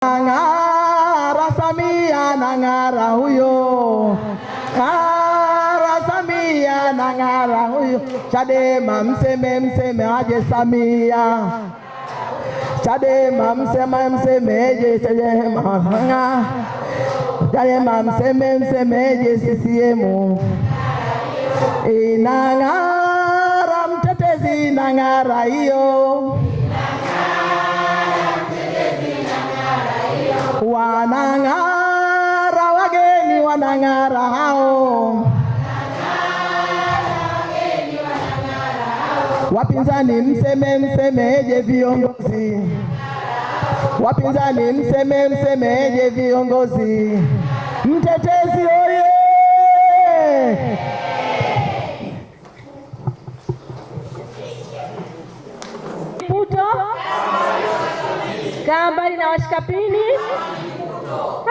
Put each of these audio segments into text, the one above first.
Ng'ara Samia na ng'ara huyo, ng'ara Samia na ng'ara huyo. Chadema mseme mseme aje Samia, Chadema mseme msemeje Chadema, Chadema mseme mseme msemeje CCM inang'ara, eh, mtetezi na ng'ara hiyo Wapinzani mseme msemeje viongozi? Wapinzani mseme msemeje viongozi? Mtetezi oye! Puto kaa mbali na washika pini.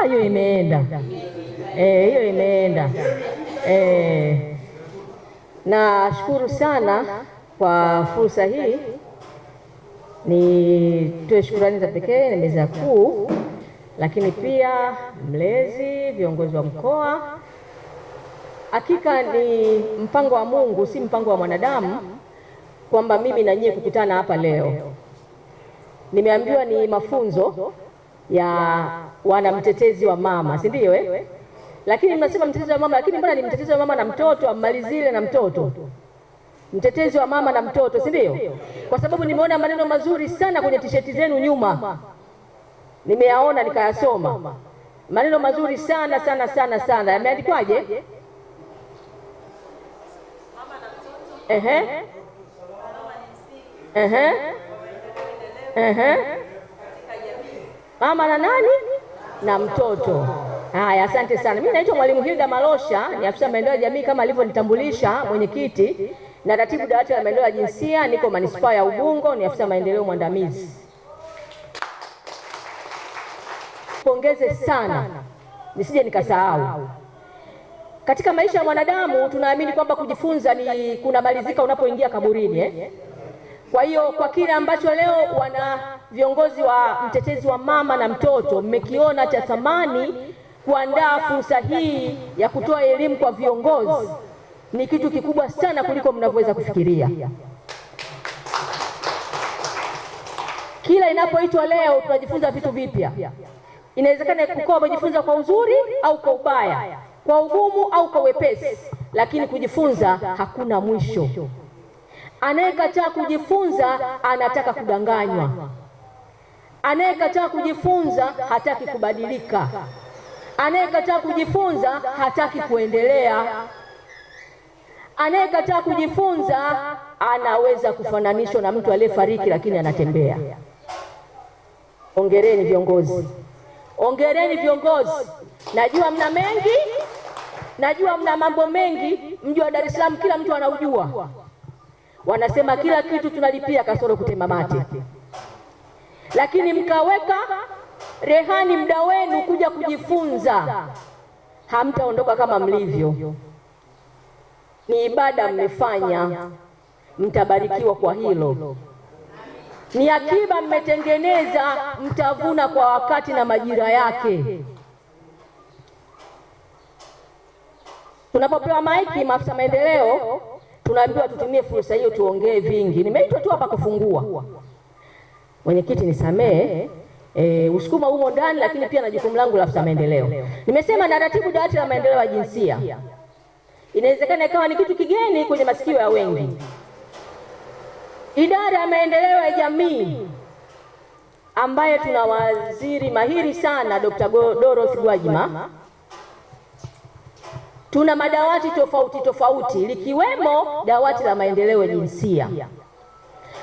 Ah, hiyo imeenda eh, hiyo, e, imeenda e. Nashukuru sana kwa fursa hii nitoe shukurani za pekee na meza kuu, lakini pia mlezi, viongozi wa mkoa. Hakika ni mpango wa Mungu, si mpango wa mwanadamu kwamba mimi na nyie kukutana hapa leo. Nimeambiwa ni mafunzo ya wanamtetezi wa mama, si ndio eh? Lakini mnasema mtetezi wa mama, lakini mbona ni mtetezi wa mama na mtoto, ammalizile na mtoto mtetezi wa mama na mtoto, si ndio? Kwa sababu nimeona maneno mazuri sana kwenye tisheti zenu nyuma, nimeyaona nikayasoma, maneno mazuri sana sana sana sana. Yameandikwaje? Ehe, ehe, ehe, mama na nani na mtoto. Haya, asante sana. Mimi naitwa Mwalimu Hilda Malosha, ni afisa maendeleo ya jamii kama alivyonitambulisha mwenyekiti na ratibu dawati la maendeleo ya jinsia, niko manispaa ya Ubungo, ni afisa maendeleo mwandamizi. Pongeze sana, nisije nikasahau. Katika maisha ya mwanadamu tunaamini kwamba kujifunza ni kunamalizika unapoingia kaburini eh? Kwa hiyo kwa kile ambacho leo wana viongozi wa mtetezi wa mama na mtoto mmekiona cha thamani kuandaa fursa hii ya kutoa elimu kwa viongozi ni kitu kikubwa sana kuliko mnavyoweza kufikiria. Kila inapoitwa leo tunajifunza vitu vipya. Inawezekana kukawa umejifunza kwa uzuri au kwa ubaya, kwa ugumu au kwa wepesi, lakini kujifunza hakuna mwisho. Anayekataa kujifunza anataka kudanganywa. Anayekataa kujifunza hataki kubadilika. Anayekataa kujifunza hataki kuendelea. Anayekataa kujifunza anaweza kufananishwa na mtu aliyefariki lakini anatembea. Ongereni viongozi, ongereni viongozi. Najua mna mengi, najua mna mambo mengi. Mji wa Dar es Salaam kila mtu anaujua, wanasema kila kitu tunalipia kasoro kutema mate, lakini mkaweka rehani muda wenu kuja kujifunza, hamtaondoka kama mlivyo ni ibada mmefanya, mtabarikiwa kwa hilo. Ni akiba mmetengeneza, mtavuna kwa wakati na majira yake. Tunapopewa maiki maafisa maendeleo, tunaambiwa tutumie fursa hiyo tuongee vingi. Nimeitwa tu hapa kufungua, mwenyekiti nisamee E, usukuma humo ndani lakini pia na jukumu langu la afisa maendeleo. Nimesema naratibu dawati la maendeleo ya jinsia inawezekana ikawa ni kitu kigeni kwenye masikio ya wengi. Idara ya maendeleo ya jamii ambayo tuna waziri mahiri sana Dr. Dorothy Gwajima, tuna madawati tofauti tofauti likiwemo dawati la maendeleo ya jinsia.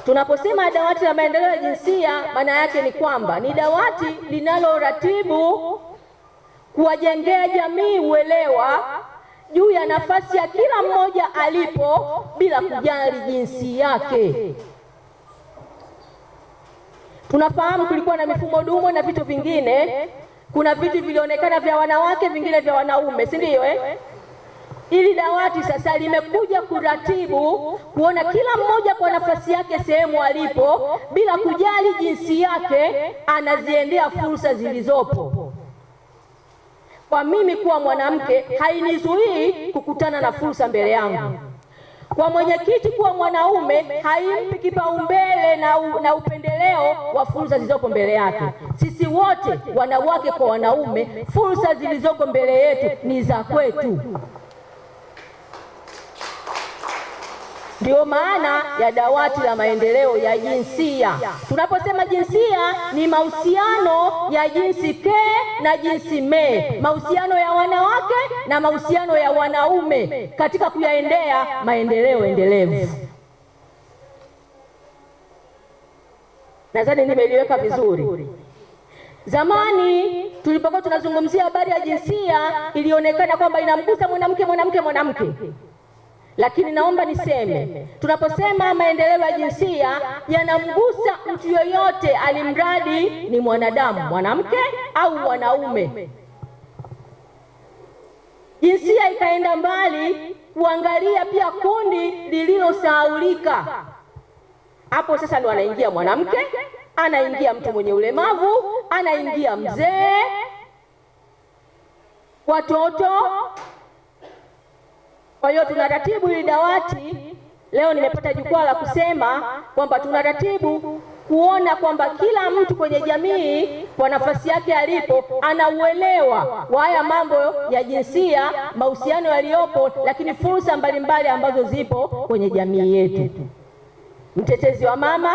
Tunaposema dawati la maendeleo ya jinsia, maana yake ni kwamba ni dawati linaloratibu kuwajengea jamii uelewa juu ya nafasi ya kila mmoja alipo bila kujali jinsi yake. Tunafahamu kulikuwa na mifumo dumo na vitu vingine, kuna viti vilionekana vya wanawake, vingine vya wanaume, si ndio eh? Ili dawati sasa limekuja kuratibu kuona kila mmoja kwa nafasi yake sehemu alipo bila kujali jinsi yake, anaziendea fursa zilizopo. Kwa mimi kuwa mwanamke hainizuii kukutana na fursa mbele yangu. Kwa mwenyekiti kuwa mwanaume haimpi kipaumbele na, na upendeleo wa fursa zilizopo mbele yake. Sisi wote wanawake kwa wanaume, fursa zilizoko mbele yetu ni za kwetu. Ndiyo maana ya dawati la maendeleo ya jinsia. Tunaposema jinsia, ni mahusiano ya jinsi ke na jinsi me, mahusiano ya wanawake na mahusiano ya wanaume katika kuyaendea maendeleo endelevu. Nadhani nimeliweka vizuri. Zamani tulipokuwa tunazungumzia habari ya jinsia, ilionekana kwamba inamgusa mwanamke, mwanamke, mwanamke. Lakini naomba niseme, tunaposema maendeleo ya jinsia yanamgusa mtu yoyote, alimradi ni mwanadamu, mwanamke au mwanaume. Jinsia ikaenda mbali kuangalia pia kundi lililosahaulika. Hapo sasa ndo anaingia mwanamke, anaingia mtu mwenye ulemavu, anaingia mzee, watoto kwa hiyo tunaratibu hili dawati. Leo nimepata jukwaa la kusema kwamba tunaratibu kuona kwamba kila mtu kwenye jamii kwa nafasi yake alipo anauelewa wa haya mambo ya jinsia, mahusiano yaliyopo, lakini fursa mbalimbali ambazo zipo kwenye jamii yetu. Mtetezi wa mama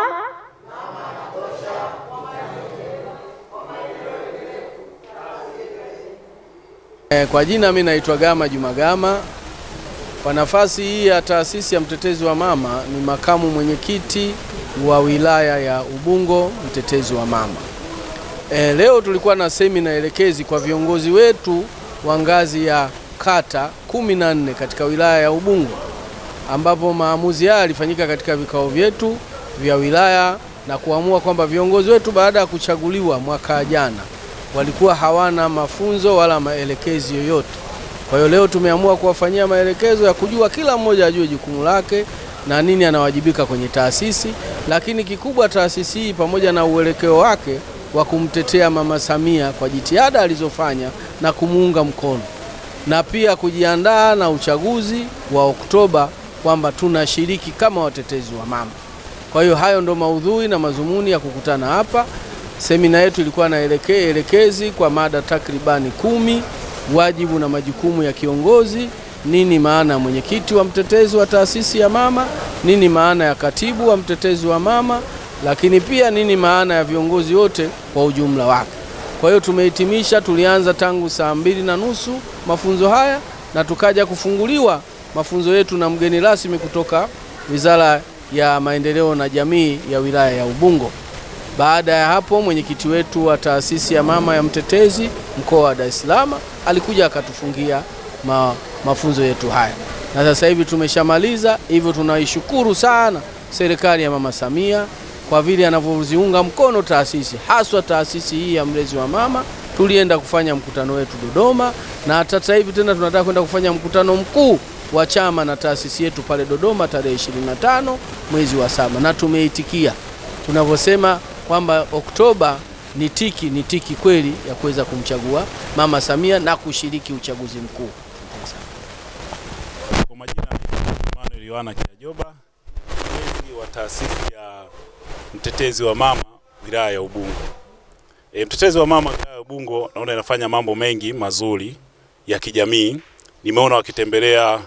eh, kwa jina, mi naitwa Gama Juma Gama. Kwa nafasi hii ya taasisi ya mtetezi wa mama ni makamu mwenyekiti wa wilaya ya Ubungo, mtetezi wa mama. E, leo tulikuwa na semina elekezi kwa viongozi wetu wa ngazi ya kata kumi na nne katika wilaya ya Ubungo ambapo maamuzi haya yalifanyika katika vikao vyetu vya wilaya na kuamua kwamba viongozi wetu baada ya kuchaguliwa mwaka jana walikuwa hawana mafunzo wala maelekezi yoyote kwa hiyo leo tumeamua kuwafanyia maelekezo ya kujua kila mmoja ajue jukumu lake na nini anawajibika kwenye taasisi, lakini kikubwa taasisi hii pamoja na uelekeo wake wa kumtetea Mama Samia kwa jitihada alizofanya na kumuunga mkono, na pia kujiandaa na uchaguzi wa Oktoba kwamba tunashiriki kama watetezi wa mama. Kwa hiyo hayo ndo maudhui na mazumuni ya kukutana hapa. Semina yetu ilikuwa na elekezi kwa mada takribani kumi wajibu na majukumu ya kiongozi, nini maana ya mwenyekiti wa mtetezi wa taasisi ya mama, nini maana ya katibu wa mtetezi wa mama, lakini pia nini maana ya viongozi wote kwa ujumla wake. Kwa hiyo tumehitimisha, tulianza tangu saa mbili na nusu mafunzo haya na tukaja kufunguliwa mafunzo yetu na mgeni rasmi kutoka Wizara ya Maendeleo na Jamii ya wilaya ya Ubungo. Baada ya hapo, mwenyekiti wetu wa taasisi ya mama ya mtetezi mkoa wa Dar es Salaam alikuja akatufungia ma, mafunzo yetu haya, na sasa hivi tumeshamaliza. Hivyo tunaishukuru sana serikali ya Mama Samia kwa vile anavyoziunga mkono taasisi haswa taasisi hii ya mlezi wa mama. Tulienda kufanya mkutano wetu Dodoma, na sasa hivi tena tunataka kwenda kufanya mkutano mkuu wa chama na taasisi yetu pale Dodoma tarehe 25 mwezi wa saba, na tumeitikia tunavyosema kwamba Oktoba ni tiki ni tiki kweli ya kuweza kumchagua Mama Samia na kushiriki uchaguzi mkuu. Kwa majina Manuel Yohana Kiajoba, mtetezi wa taasisi ya mtetezi wa mama wilaya ya Ubungo. E, mtetezi wa mama wilaya ya Ubungo naona inafanya mambo mengi mazuri ya kijamii. Nimeona wakitembelea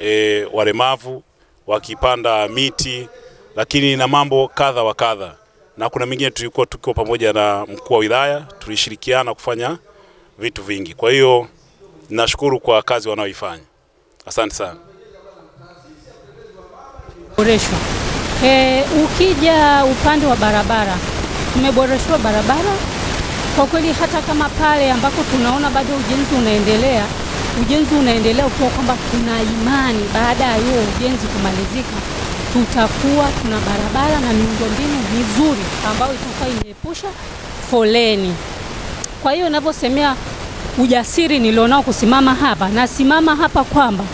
e, walemavu wakipanda miti, lakini na mambo kadha wa kadha na kuna mingine tulikuwa tukiwa pamoja na mkuu wa wilaya, tulishirikiana kufanya vitu vingi. Kwa hiyo nashukuru kwa kazi wanaoifanya, asante sana. Boreshwa e, eh, ukija upande wa barabara tumeboreshwa barabara kwa kweli, hata kama pale ambako tunaona bado ujenzi unaendelea ujenzi unaendelea ukiwa kwamba kuna imani baada ya hiyo ujenzi kumalizika tutakuwa tuna barabara na miundombinu mizuri ambayo itakuwa imeepusha foleni. Kwa hiyo ninavyosemea ujasiri nilionao kusimama hapa, nasimama hapa kwamba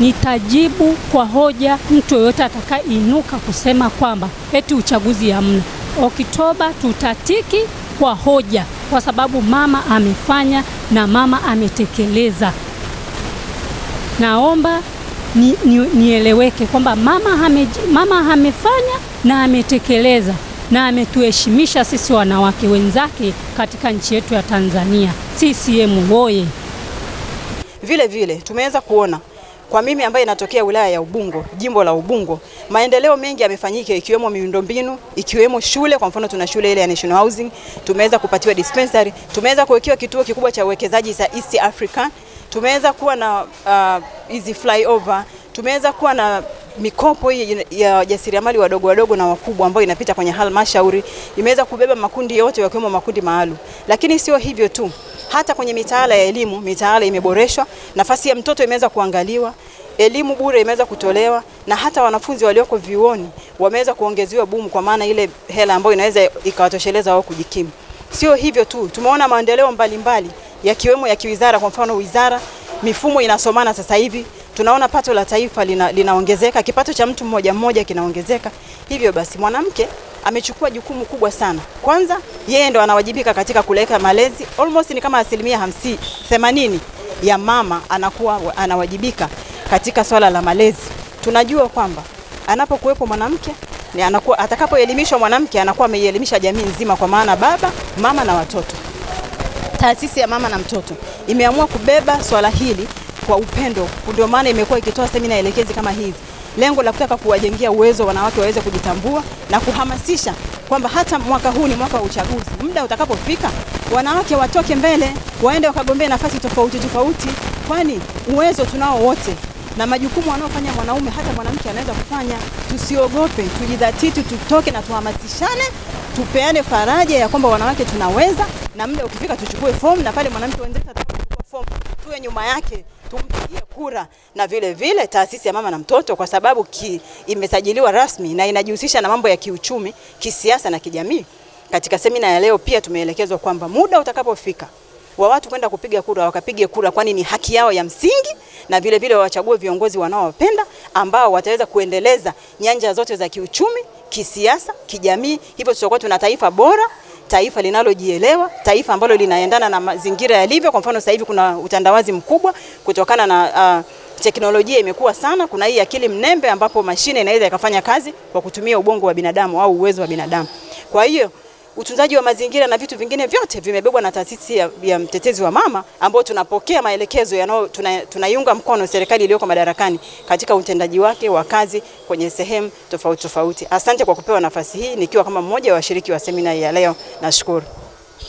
nitajibu kwa hoja mtu yoyote atakayeinuka kusema kwamba eti uchaguzi hamna. Oktoba tutatiki kwa hoja, kwa sababu mama amefanya na mama ametekeleza. Naomba ni, ni, nieleweke kwamba mama, hame, mama amefanya na ametekeleza na ametuheshimisha sisi wanawake wenzake katika nchi yetu ya Tanzania. CCM oye! Vile vile tumeweza kuona kwa mimi ambaye natokea wilaya ya Ubungo, jimbo la Ubungo, maendeleo mengi yamefanyika ikiwemo miundombinu, ikiwemo shule. Kwa mfano, tuna shule ile ya National Housing, tumeweza kupatiwa dispensary, tumeweza kuwekewa kituo kikubwa cha uwekezaji cha East African tumeweza kuwa na uh, hizi uh, flyover tumeweza kuwa na mikopo hii ya wajasiriamali wadogo wadogo na wakubwa ambayo inapita kwenye halmashauri imeweza kubeba makundi yote yakiwemo makundi maalum. Lakini sio hivyo tu, hata kwenye mitaala ya elimu, mitaala imeboreshwa, nafasi ya mtoto imeweza kuangaliwa, elimu bure imeweza kutolewa, na hata wanafunzi walioko vyuoni wameweza kuongeziwa bumu, kwa maana ile hela ambayo inaweza ikawatosheleza wao kujikimu. Sio hivyo tu, tumeona maendeleo mbalimbali yakiwemo ya kiwizara. Kwa mfano, wizara mifumo inasomana sasa hivi tunaona pato la taifa lina, linaongezeka, kipato cha mtu mmoja mmoja kinaongezeka. Hivyo basi mwanamke amechukua jukumu kubwa sana. Kwanza yeye ndo anawajibika katika kuleka malezi, almost ni kama asilimia hamsini, themanini ya mama anakuwa anawajibika katika swala la malezi. Tunajua kwamba anapokuwepo mwanamke ni anakuwa, atakapoelimishwa mwanamke anakuwa ameielimisha jamii nzima, kwa maana baba, mama na watoto taasisi ya mama na mtoto imeamua kubeba swala hili kwa upendo, ndio maana imekuwa ikitoa semina elekezi kama hizi, lengo la kutaka kuwajengia uwezo wanawake waweze kujitambua na kuhamasisha kwamba hata mwaka huu ni mwaka wa uchaguzi, muda utakapofika wanawake watoke mbele, waende wakagombea nafasi tofauti tofauti, kwani uwezo tunao wote na majukumu wanaofanya mwanaume hata mwanamke anaweza kufanya. Tusiogope, tujidhatiti, tutoke na tuhamasishane tupeane faraja ya kwamba wanawake tunaweza, na muda ukifika tuchukue fomu, na pale mwanamke wenzetu atakapochukua fomu tuwe nyuma yake tumpigie kura, na vile vile taasisi ya mama na mtoto, kwa sababu ki, imesajiliwa rasmi na inajihusisha na mambo ya kiuchumi, kisiasa na kijamii. Katika semina ya leo pia tumeelekezwa kwamba muda utakapofika wa watu kwenda kupiga kura wakapige kura, kwani ni haki yao ya msingi, na vile vile wawachague viongozi wanaowapenda ambao wataweza kuendeleza nyanja zote za kiuchumi kisiasa, kijamii. Hivyo tutakuwa tuna taifa bora, taifa linalojielewa, taifa ambalo linaendana na mazingira yalivyo. Kwa mfano, sasa hivi kuna utandawazi mkubwa kutokana na uh, teknolojia imekuwa sana. Kuna hii akili mnembe ambapo mashine inaweza ikafanya kazi kwa kutumia ubongo wa binadamu au uwezo wa binadamu. Kwa hiyo utunzaji wa mazingira na vitu vingine vyote vimebebwa na taasisi ya, ya mtetezi wa mama ambao tunapokea maelekezo yanayo tunaiunga tuna mkono serikali iliyoko madarakani katika utendaji wake wa kazi kwenye sehemu tofauti tofauti. Asante kwa kupewa nafasi hii nikiwa kama mmoja wa washiriki wa semina ya leo. Nashukuru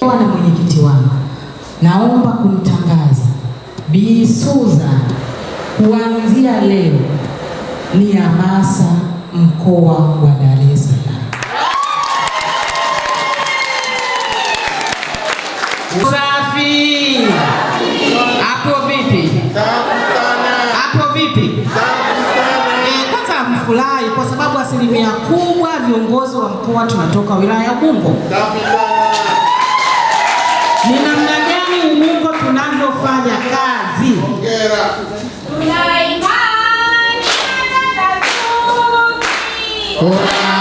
na mwenyekiti wangu, naomba kumtangaza Bi Suza kuanzia leo ni hamasa mkoa wa Dar es asilimia kubwa viongozi wa mkoa tunatoka wilaya ya Ubungo. Ni namna gani Ubungo tunavyofanya kazi? Hongera.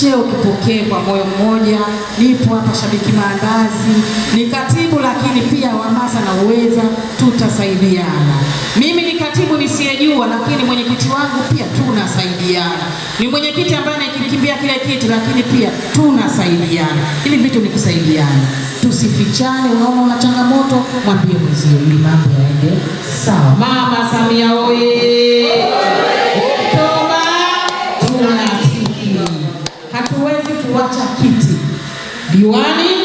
cheo kipokee kwa moyo mmoja. Nipo hapa Shabiki Maandazi, ni katibu lakini pia hamasa na uweza, tutasaidiana. Mimi ni katibu nisiyejua, lakini mwenyekiti wangu pia tunasaidiana. Ni mwenyekiti ambaye anakikimbia kile kitu, lakini pia tunasaidiana. Ili vitu ni kusaidiana, tusifichane. Unaona una changamoto, mwambie mwenzio ili mambo yaende sawa. Mama Samia oye! Oye! Oye! kuacha kiti diwani